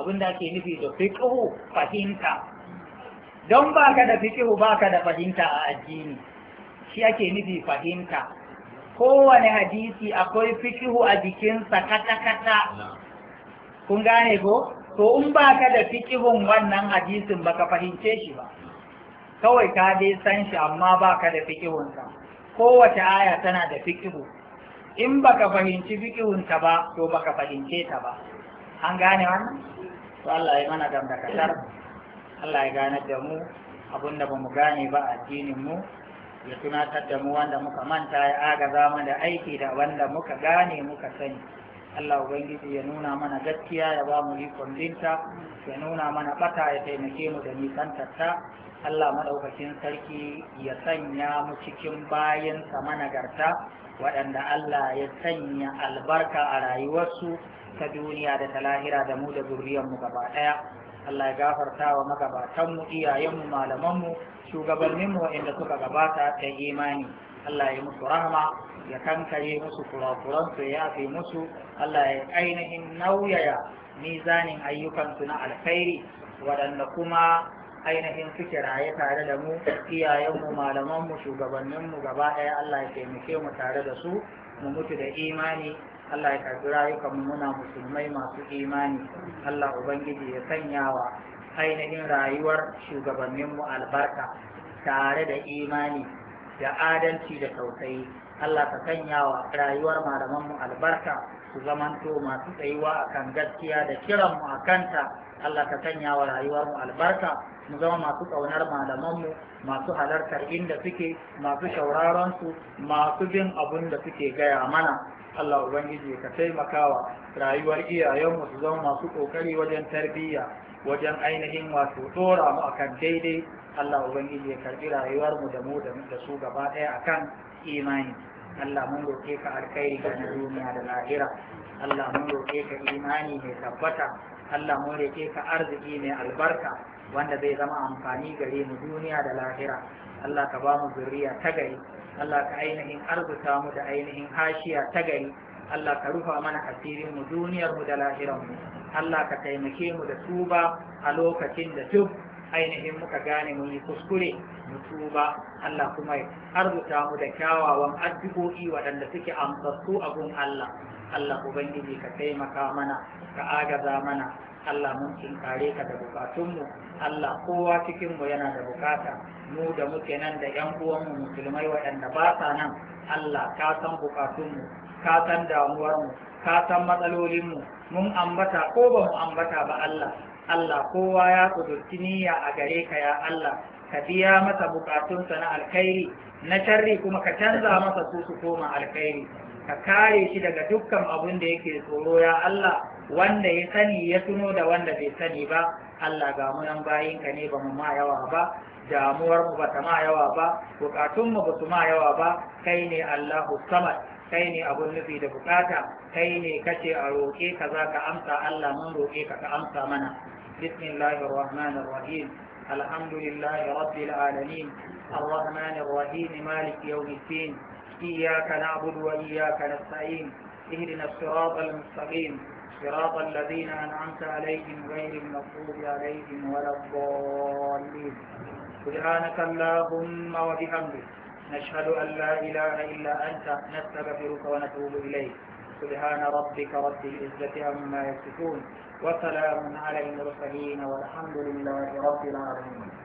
abinda da ake nufi da fiqhu fahimta don baka da fiqhu baka da fahimta a addini shi ake nufi fahimta kowane hadisi akwai fikihu a jikinsa kata-kata kun gane ko to in ba ka da fikihun wannan hadisin baka fahimce shi ba kawai ka dai san shi amma ba ka da fikihunsa kowace aya tana da fikihu in baka fahimci fikihunta ba to baka fahimce ta ba an gane wannan to Allah ya mana gamdakatar Allah ya gane da mu abinda ba mu gane ba addinin mu ya tunatar da mu wanda muka manta ya agaza mu da aiki da wanda muka gane muka sani Allah Ubangiji ya nuna mana gaskiya ya ba mu ikon binta ya nuna mana bata ya taimake mu da nisantarta Allah maɗaukacin sarki ya sanya mu cikin bayansa nagarta, waɗanda Allah ya sanya albarka a rayuwarsu ta duniya da ta lahira da mu da mu gaba ɗaya Allah ya gafarta wa magabatanmu iyayenmu malamanmu shugabanninmu waɗanda suka gabata ta imani Allah ya musu rahama ya kankare musu kurakuransu ya yafe musu Allah ya ainihin nauyaya mizanin ayyukansu na alkhairi waɗanda kuma ainihin suke raye tare da mu iyayenmu malamanmu shugabanninmu gaba ɗaya Allah ya taimake mu tare da su mu mutu da imani Allah ya karbi rayukan muna musulmai masu imani Allah ubangiji ya sanya wa ainihin rayuwar shugabanninmu albarka tare da imani da adalci da tausayi Allah ka sanya wa rayuwar malamanmu albarka su zamanto masu tsayuwa akan gaskiya da kiranmu a kanta Allah ka sanya wa rayuwarmu albarka mu zama masu ƙaunar malamanmu masu halartar inda suke masu shauraron su masu bin abun da suke gaya mana Allah Ubangiji ka taimakawa rayuwar iyayenmu su zama masu kokari wajen tarbiyya wajen ainihin wato dora mu akan daidai Allah Ubangiji ya karbi rayuwarmu da mu da su gaba ɗaya akan imani Allah mun roƙe ka alkhairi ga duniya da lahira Allah mun roƙe ka imani mai tabbata Allah mun roƙe ka arziki mai albarka wanda zai zama amfani gare mu duniya da lahira Allah ka ba mu zuriya ta gari Allah ka ainihin arzuta mu da ainihin hashiya ta gari Allah ka rufa mana asirin mu duniyar mu da lahiran mu Allah ka taimake mu da tuba a lokacin da duk ainihin muka gane mun yi kuskure mu tuba Allah kuma ya arzuta mu da kyawawan addu'o'i waɗanda suke amsassu abun Allah Allah ubangiji ka taimaka mana ka agaza mana Allah mun kare ka da bukatunmu Allah kowa cikinmu yana da bukata mu da muke nan da yan uwanmu musulmai waɗanda ba sa nan Allah ka san bukatunmu ka san damuwarmu ka san matsalolinmu mun ambata ko ba mu ambata ba Allah Allah kowa ya kudurci niyya a gare ka ya Allah ka biya masa bukatunsa na alkhairi na sharri kuma ka canza masa su su koma alkhairi ka kare shi daga dukkan abin da yake tsoro ya Allah wanda ya sani ya tuno da wanda bai sani ba Allah ga mu nan bayinka ne ba mu ma yawa ba damuwar mu bata ma yawa ba bukatun mu su ma yawa ba kai ne Allahu samad kai ne abun nufi da bukata kai ne kace a roƙe ka za ka amsa Allah mun roƙe ka ka amsa mana bismillahir rahmanir rahim alhamdulillahi rabbil alamin arrahmanir rahim malik yawmiddin iyyaka na'budu wa iyyaka nasta'in اهدنا الصراط المستقيم صراط الذين أنعمت عليهم غير المغضوب عليهم ولا الضالين سبحانك اللهم وبحمدك نشهد أن لا إله إلا أنت نستغفرك ونتوب إليك سبحان ربك رب العزة عما يصفون وسلام على المرسلين والحمد لله رب العالمين